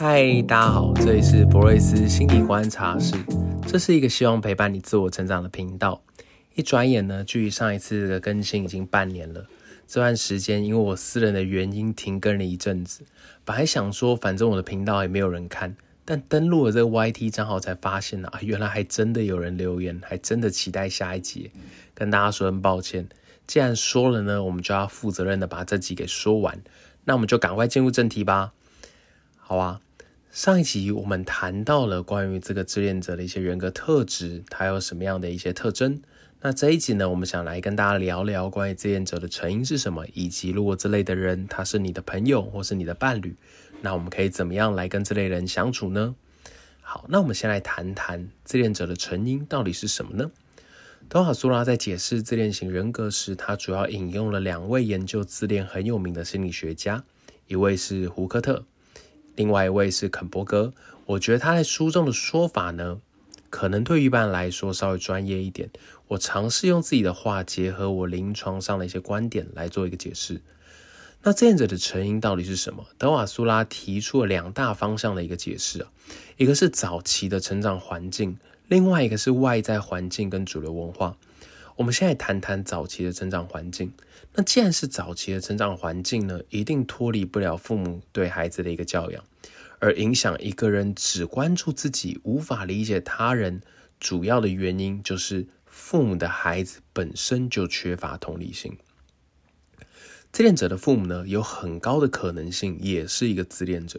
嗨，大家好，這裡是博瑞斯心理觀察室，這是一個希望陪伴你自我成長的頻道。一轉眼呢，距離上一次的更新已經半年了。這段時間因為我私人的原因停更了一陣子，本來想說反正我的頻道也沒有人看，但登錄了這個 YT 賬號才發現啊，啊，原來還真的有人留言，還真的期待下一集。跟大家說很抱歉，既然說了呢，我們就要負責任的把這集給說完。那我們就趕快進入正題吧，好啊。上一集我們談到了關於這個自戀者的一些人格特質，他有什麼樣的一些特徵？那這一集呢，我們想來跟大家聊聊關於自戀者的成因是什麼，以及如果這類的人他是你的朋友或是你的伴侶，那我們可以怎麼樣來跟這類人相處呢？好，那我們先來談談自戀者的成因到底是什麼呢？德瓦蘇拉在解釋自戀型人格時，他主要引用了兩位研究自戀很有名的心理學家，一位是胡科特。另外一位是肯伯格，我覺得他在書中的說法呢，可能對於一般來說稍微專業一點。我嘗試用自己的話，結合我臨床上的一些觀點來做一個解釋。那這樣子的成因到底是什麼？德瓦蘇拉提出了兩大方向的一個解釋啊，一個是早期的成長環境，另外一個是外在環境跟主流文化。我們現在談談早期的成長環境。那既然是早期的成長環境呢，一定脫離不了父母對孩子的一個教養，而影響一個人只關注自己，無法理解他人，主要的原因就是父母的孩子本身就缺乏同理心。自戀者的父母呢，有很高的可能性也是一個自戀者，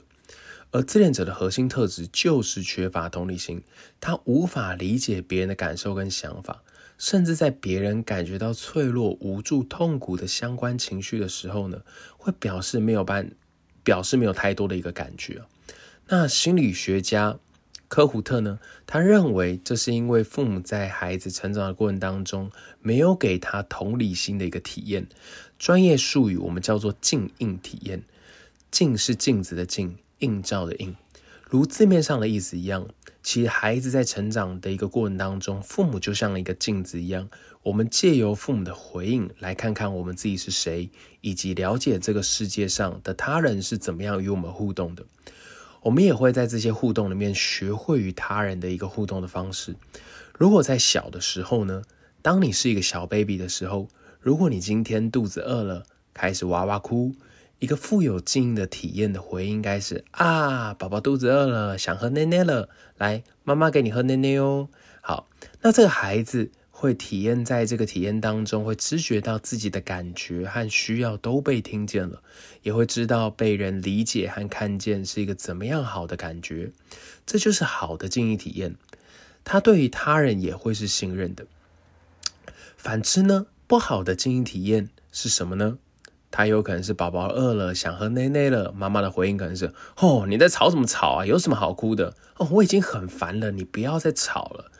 而自戀者的核心特質就是缺乏同理心，他無法理解別人的感受跟想法。甚至在別人感覺到脆弱、無助、痛苦的相關情緒的時候呢，會表示沒有辦，表示沒有太多的一個感覺啊。那心理學家科胡特呢，他認為這是因為父母在孩子成長的過程當中沒有給他同理心的一個體驗，專業術語我們叫做鏡映體驗，鏡是鏡子的鏡，映照的映，如字面上的意思一樣。其實，孩子在成長的一個過程當中，父母就像一個鏡子一樣，我們借由父母的回應，來看看我們自己是誰，以及了解這個世界上的他人是怎麼樣與我們互動的。我們也會在這些互動裡面，學會與他人的一個互動的方式。如果在小的時候呢，當你是一個小 baby 的時候，如果你今天肚子餓了，開始哇哇哭。一個富有鏡映的體驗的回應應該是啊，寶寶肚子餓了，想喝奶奶了，來，媽媽給你喝奶奶哦。好，那這個孩子會體驗在這個體驗當中，會知覺到自己的感覺和需要都被聽見了，也會知道被人理解和看見是一個怎麼樣好的感覺。這就是好的鏡映體驗，他對於他人也會是信任的。反之呢，不好的鏡映體驗是什麼呢？他有可能是寶寶餓了，想喝奶奶了。媽媽的回應可能是：“哦，你在吵什麼吵啊？有什麼好哭的？哦，我已經很煩了，你不要再吵了。”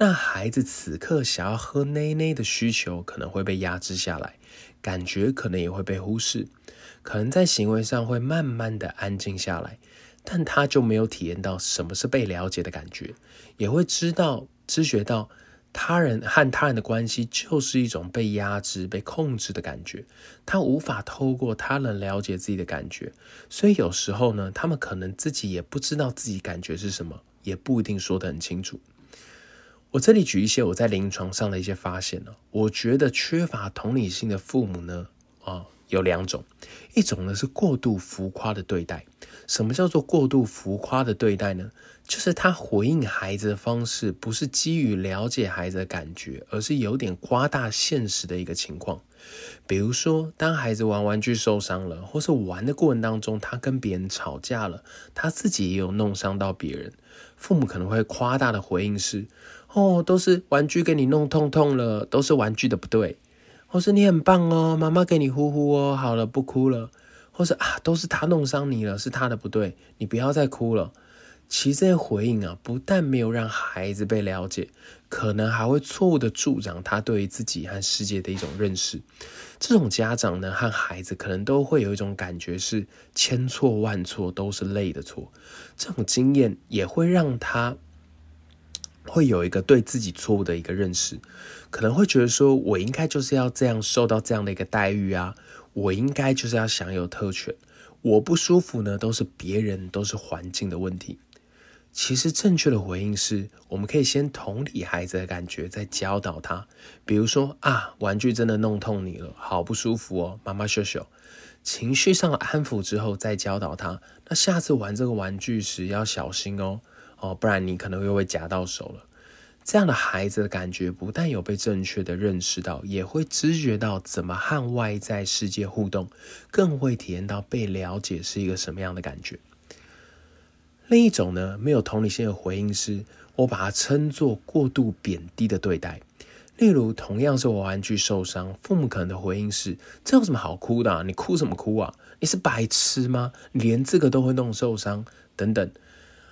那孩子此刻想要喝奶奶的需求可能會被壓制下來，感覺可能也會被忽視，可能在行為上會慢慢的安靜下來，但他就沒有體驗到什麼是被了解的感覺，也會知道知覺到。他人和他人的關係就是一種被壓制、被控制的感覺，他無法透過他人了解自己的感覺，所以有時候呢，他們可能自己也不知道自己感覺是什麼，也不一定說得很清楚。我這裡舉一些我在臨床上的一些發現啊，我覺得缺乏同理心的父母呢，啊，有兩種，一種呢是過度浮誇的對待，什麼叫做過度浮誇的對待呢？就是他回應孩子的方式，不是基於了解孩子的感覺，而是有點誇大現實的一個情況。比如說，當孩子玩玩具受傷了，或是玩的過程當中他跟別人吵架了，他自己也有弄傷到別人，父母可能會誇大的回應是：哦，都是玩具給你弄痛痛了，都是玩具的不對。或是你很棒哦，媽媽給你呼呼哦，好了不哭了。或是啊，都是他弄傷你了，是他的不對，你不要再哭了。其實這些回應啊，不但沒有讓孩子被了解，可能還會錯誤的助長他對於自己和世界的一種認識。這種家長呢，和孩子可能都會有一種感覺是：千錯萬錯都是累的錯。這種經驗也會讓他會有一個對自己錯誤的一個認識，可能會覺得說：我應該就是要這樣受到這樣的一個待遇啊，我應該就是要享有特權。我不舒服呢，都是別人，都是環境的問題。其實正確的回應是，我們可以先同理孩子的感覺，再教導他。比如說啊，玩具真的弄痛你了，好不舒服哦，媽媽秀秀。情緒上安撫之後，再教導他。那下次玩這個玩具時要小心哦，哦，不然你可能又會夾到手了。這樣的孩子的感覺不但有被正確的認識到，也會知覺到怎麼和外在世界互動，更會體驗到被了解是一個什麼樣的感覺。另一種呢，沒有同理心的回應是，我把它稱作過度貶低的對待。例如，同樣是玩玩具受傷，父母可能的回應是：這有什麼好哭的啊？你哭什麼哭啊？你是白痴嗎？連這個都會弄受傷？等等。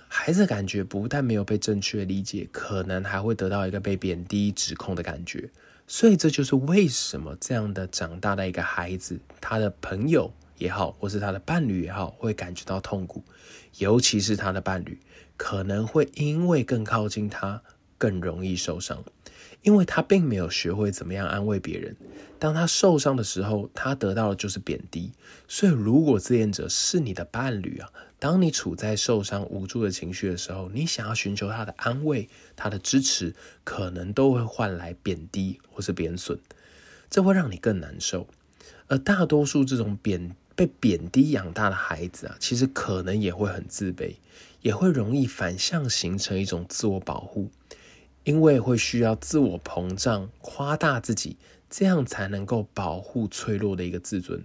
孩子的感覺不但沒有被正確的理解，可能還會得到一個被貶低、指控的感覺。所以，這就是為什麼這樣的長大的一個孩子，他的朋友。也好，或是他的伴侶也好，會感覺到痛苦，尤其是他的伴侶，可能會因為更靠近他，更容易受傷，因為他並沒有學會怎麼樣安慰別人。當他受傷的時候，他得到的就是貶低。所以，如果自戀者是你的伴侶啊，當你處在受傷無助的情緒的時候，你想要尋求他的安慰、他的支持，可能都會換來貶低或是貶損，這會讓你更難受。而大多數這種貶。被貶低養大的孩子啊，其實可能也會很自卑，也會容易反向形成一種自我保護，因為會需要自我膨脹、誇大自己，這樣才能夠保護脆弱的一個自尊，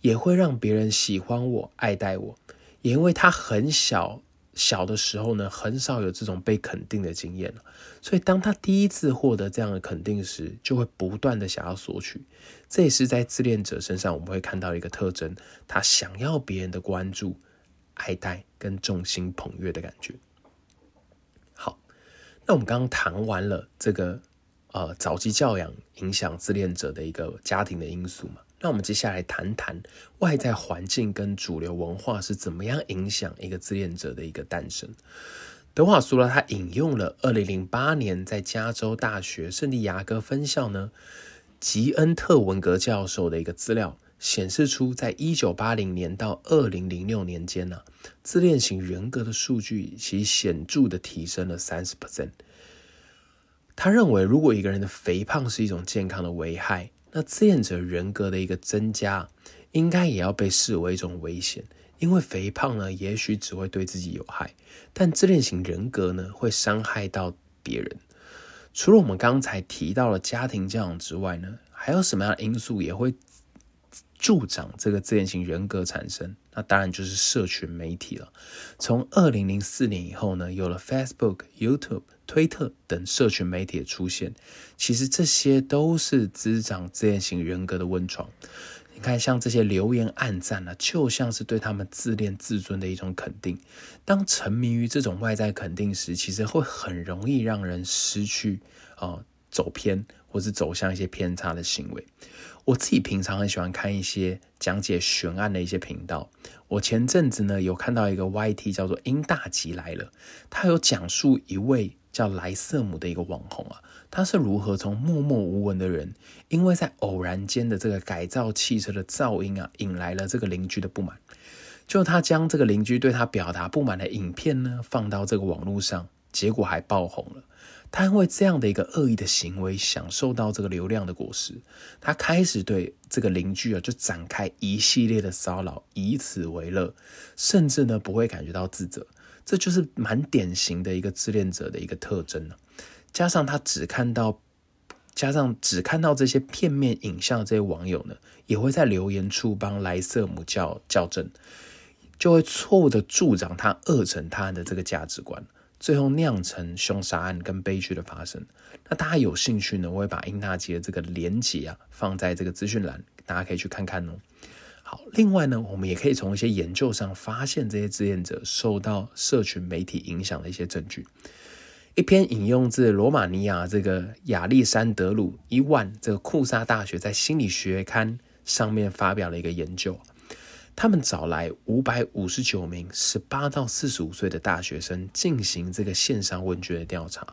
也會讓別人喜歡我、愛戴我，也因為他很小。小的時候呢，很少有這種被肯定的經驗。所以當他第一次獲得這樣的肯定時，就會不斷的想要索取。這也是在自戀者身上我們會看到一個特徵，他想要別人的關注、愛戴跟眾星捧月的感覺。好，那我們剛剛談完了這個呃早期教養影響自戀者的一個家庭的因素嘛。那我們接下來談談外在環境跟主流文化是怎麼樣影響一個自戀者的一個誕生。德華蘇拉他引用了二零零八年在加州大學聖地亞哥分校呢吉恩特文格教授的一個資料，顯示出在一九八零年到二零零六年間呢、啊，自戀型人格的數據其顯著的提升了三十 percent。他認為，如果一個人的肥胖是一種健康的危害。那自戀者人格的一個增加，應該也要被視為一種危險，因為肥胖呢，也許只會對自己有害，但自戀型人格呢，會傷害到別人。除了我們剛才提到的家庭教養之外呢，還有什麼樣的因素也會助長這個自戀型人格產生？那當然就是社群媒體了。從二零零四年以後呢，有了 Facebook、YouTube、推特等社群媒體的出現，其實這些都是滋長自戀型人格的溫床。你看，像這些留言、暗讚啊，就像是對他們自戀自尊的一種肯定。當沉迷於這種外在肯定時，其實會很容易讓人失去啊，呃，走偏。或是走向一些偏差的行為。我自己平常很喜歡看一些講解懸案的一些頻道。我前陣子呢有看到一個 YT 叫做“英大吉來了”，他有講述一位叫萊瑟姆的一個網紅啊，他是如何從默默無聞的人，因為在偶然間的這個改造汽車的噪音啊，引來了這個鄰居的不滿。就他將這個鄰居對他表達不滿的影片呢，放到這個網絡上，結果還爆紅了。他因為這樣的一個惡意的行為，享受到這個流量的果實，他開始對這個鄰居啊，就展開一系列的騷擾，以此為樂，甚至呢不會感覺到自責，這就是蠻典型的一個自戀者的一個特徵呢、啊。加上他只看到，加上只看到這些片面影像的這些網友呢，也會在留言處幫萊瑟姆叫叫陣，就會錯誤的助長他惡整他人的這個價值觀。最後釀成凶殺案跟悲劇的發生。那大家有興趣呢？我會把英納吉的這個連結啊放在這個資訊欄，大家可以去看看哦、喔。好，另外呢，我們也可以從一些研究上發現這些自戀者受到社群媒體影響的一些證據。一篇引用自羅馬尼亞這個亞歷山德魯伊萬這個庫薩大學在心理學刊上面發表了一個研究。他們找來五百五十九名十八到四十五歲的大學生進行這個線上問卷的調查，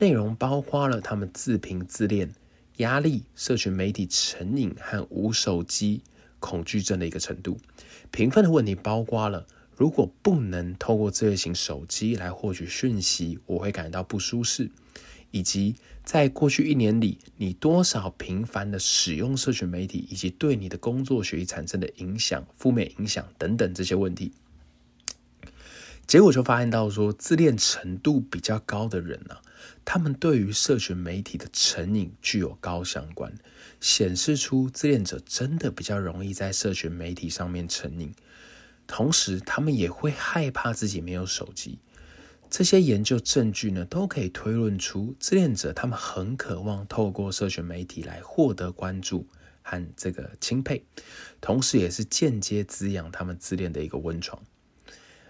內容包括了他們自評自戀、壓力、社群媒體成癮和無手機恐懼症的一個程度。評分的問題包括了：如果不能透過這類型手機來獲取訊息，我會感到不舒適。以及在過去一年裡，你多少頻繁的使用社群媒體，以及對你的工作學習產生的影響、負面影響等等這些問題，結果就發現到說，自戀程度比較高的人呢、啊，他們對於社群媒體的成癮具有高相關，顯示出自戀者真的比較容易在社群媒體上面成癮，同時他們也會害怕自己沒有手機。這些研究證據呢，都可以推論出自戀者，他們很渴望透過社群媒體來獲得關注和這個欽佩，同時也是間接滋養他們自戀的一個溫床。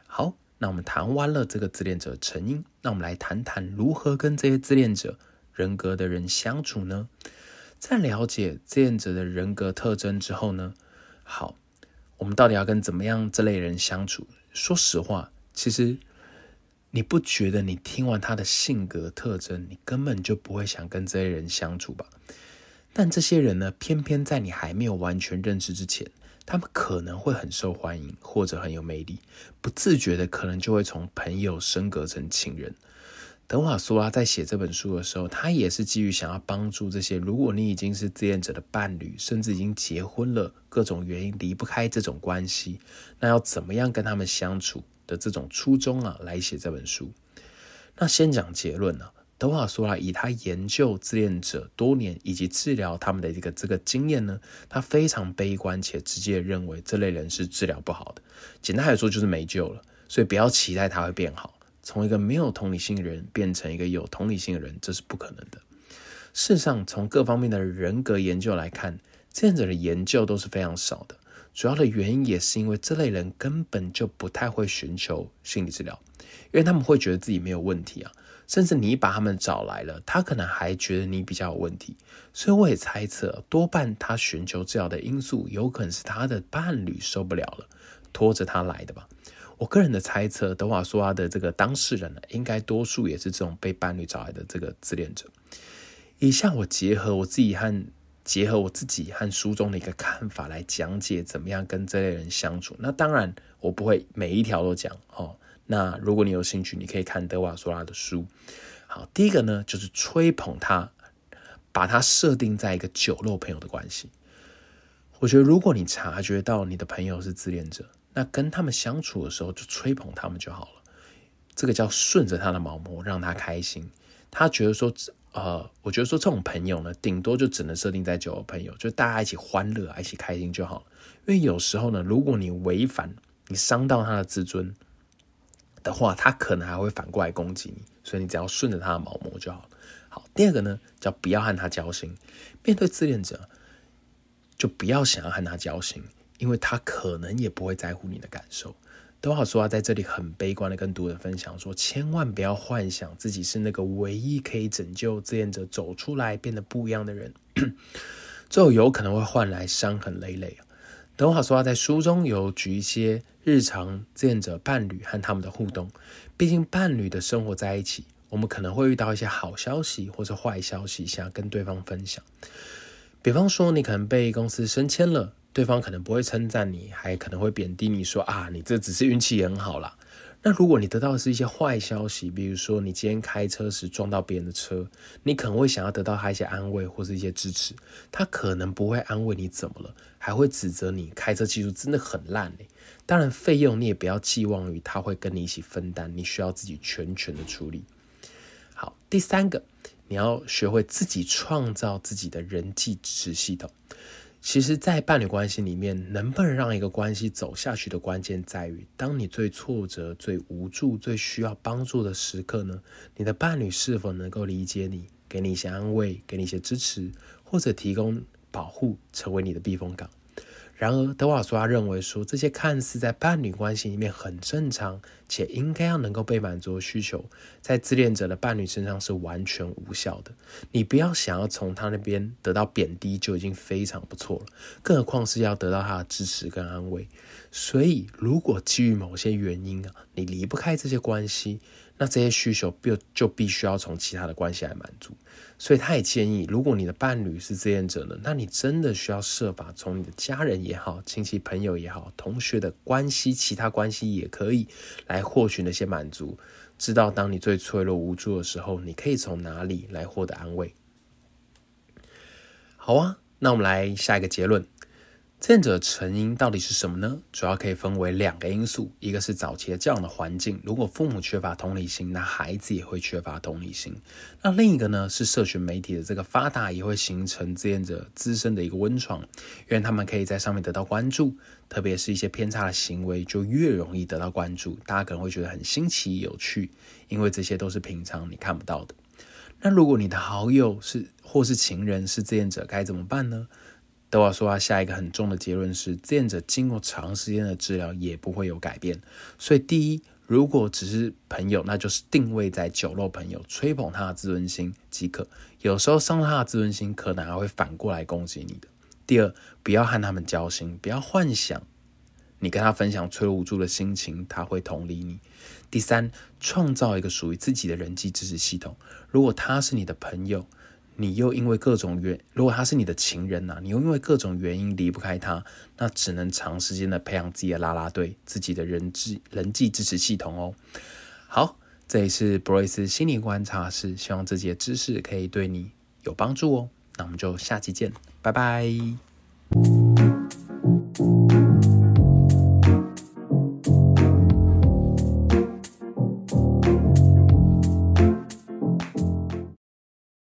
好，那我們談完了這個自戀者的成因，那我們來談談如何跟這些自戀者人格的人相處呢？在了解自戀者的人格特徵之後呢，好，我們到底要跟怎麼樣這類人相處？說實話，其實。你不覺得你聽完他的性格特徵，你根本就不會想跟這些人相處吧？但這些人呢，偏偏在你還沒有完全認識之前，他們可能會很受歡迎或者很有魅力，不自覺的可能就會從朋友升格成情人。德瓦蘇拉在寫這本書的時候，他也是基於想要幫助這些，如果你已經是自戀者的伴侶，甚至已經結婚了，各種原因離不開這種關係，那要怎麼樣跟他們相處？的這種初衷啊，來寫這本書。那先講結論啊，德瓦蘇拉以他研究自戀者多年，以及治療他們的一個這個經驗呢，他非常悲觀且直接認為這類人是治療不好的。簡單來說，就是沒救了。所以不要期待他會變好。從一個沒有同理心的人變成一個有同理心的人，這是不可能的。事實上，從各方面的人格研究來看，自戀者的研究都是非常少的。主要的原因也是因為這類人根本就不太會尋求心理治療，因為他們會覺得自己沒有問題啊，甚至你把他們找來了，他可能還覺得你比較有問題。所以我也猜測，多半他尋求治療的因素，有可能是他的伴侶受不了了，拖着他來的吧。我個人的猜測，德華說他的這個當事人呢，應該多數也是這種被伴侶找來的這個自戀者。以下我結合我自己和結合我自己和書中的一個看法來講解怎麼樣跟這類人相處。那當然，我不會每一條都講哦。那如果你有興趣，你可以看德瓦索拉的書。好，第一個呢，就是吹捧他，把他設定在一個酒肉朋友的關係。我覺得，如果你察覺到你的朋友是自戀者，那跟他們相處的時候就吹捧他們就好了。這個叫順着他的毛毛，讓他開心，他覺得說呃，我覺得說這種朋友呢，頂多就只能設定在酒友朋友，就大家一起歡樂、一起開心就好。因為有時候呢，如果你違反、你傷到他的自尊的話，他可能還會反過來攻擊你。所以你只要順着他的毛毛就好。好，第二個呢，叫不要和他交心。面對自戀者，就不要想要和他交心，因為他可能也不會在乎你的感受。都好說話、啊，在這裡很悲觀的跟讀者分享說，千萬不要幻想自己是那個唯一可以拯救自戀者走出來變得不一樣的人， 最後有可能會換來傷痕累累。都、啊、好說話、啊、在書中有舉一些日常自戀者伴侶和他們的互動，畢竟伴侶的生活在一起，我們可能會遇到一些好消息或者壞消息想跟對方分享，比方說你可能被公司升遷了。對方可能不會稱讚你，還可能會貶低你說，說啊，你這只是運氣很好了。那如果你得到的是一些壞消息，比如說你今天開車時撞到別人的車，你可能會想要得到他一些安慰或是一些支持，他可能不會安慰你，怎麼了，還會指責你開車技術真的很爛。當然，費用你也不要寄望於他會跟你一起分擔，你需要自己全權的處理。好，第三個，你要學會自己創造自己的人際支持系統。其實，在伴侶關係裡面，能不能讓一個關係走下去的關鍵，在於當你最挫折、最無助、最需要幫助的時刻呢，你的伴侶是否能夠理解你，給你一些安慰，給你一些支持，或者提供保護，成為你的避風港。然而，德瓦蘇拉認為說，這些看似在伴侶關係裡面很正常且應該要能夠被滿足的需求，在自戀者的伴侶身上是完全無效的。你不要想要從他那邊得到貶低就已經非常不錯了，更何況是要得到他的支持跟安慰。所以，如果基於某些原因啊，你離不開這些關係。那這些需求就必須要從其他的關係來滿足，所以他也建議，如果你的伴侶是自戀者呢，那你真的需要設法從你的家人也好、親戚朋友也好、同學的關係、其他關係也可以來獲取那些滿足，知道當你最脆弱無助的時候，你可以從哪裡來獲得安慰。好啊，那我們來下一個結論。志願者的成因到底是什麼呢？主要可以分為兩個因素，一個是早期的教養的環境，如果父母缺乏同理心，那孩子也會缺乏同理心。那另一個呢，是社群媒體的這個發達，也會形成自戀者滋生的一個溫床，因為他們可以在上面得到關注，特別是一些偏差的行為，就越容易得到關注。大家可能會覺得很新奇有趣，因為這些都是平常你看不到的。那如果你的好友是或是情人是自戀者，該怎麼辦呢？都要說他下一個很重的結論是，自戀者經過長時間的治療也不會有改變。所以，第一，如果只是朋友，那就是定位在酒肉朋友，吹捧他的自尊心即可。有時候傷了他的自尊心，可能還會反過來攻擊你的。第二，不要和他們交心，不要幻想你跟他分享脆弱無助的心情，他會同理你。第三，創造一個屬於自己的人際支持系統。如果他是你的朋友，你又因為各種原，如果他是你的情人吶、啊，你又因為各種原因離不開他，那只能長時間的培養自己的拉拉隊，自己的人際人際支持系統哦。好，這裡是 Bryce 心理觀察室，希望這些知識可以對你有幫助哦。那我們就下期見，拜拜。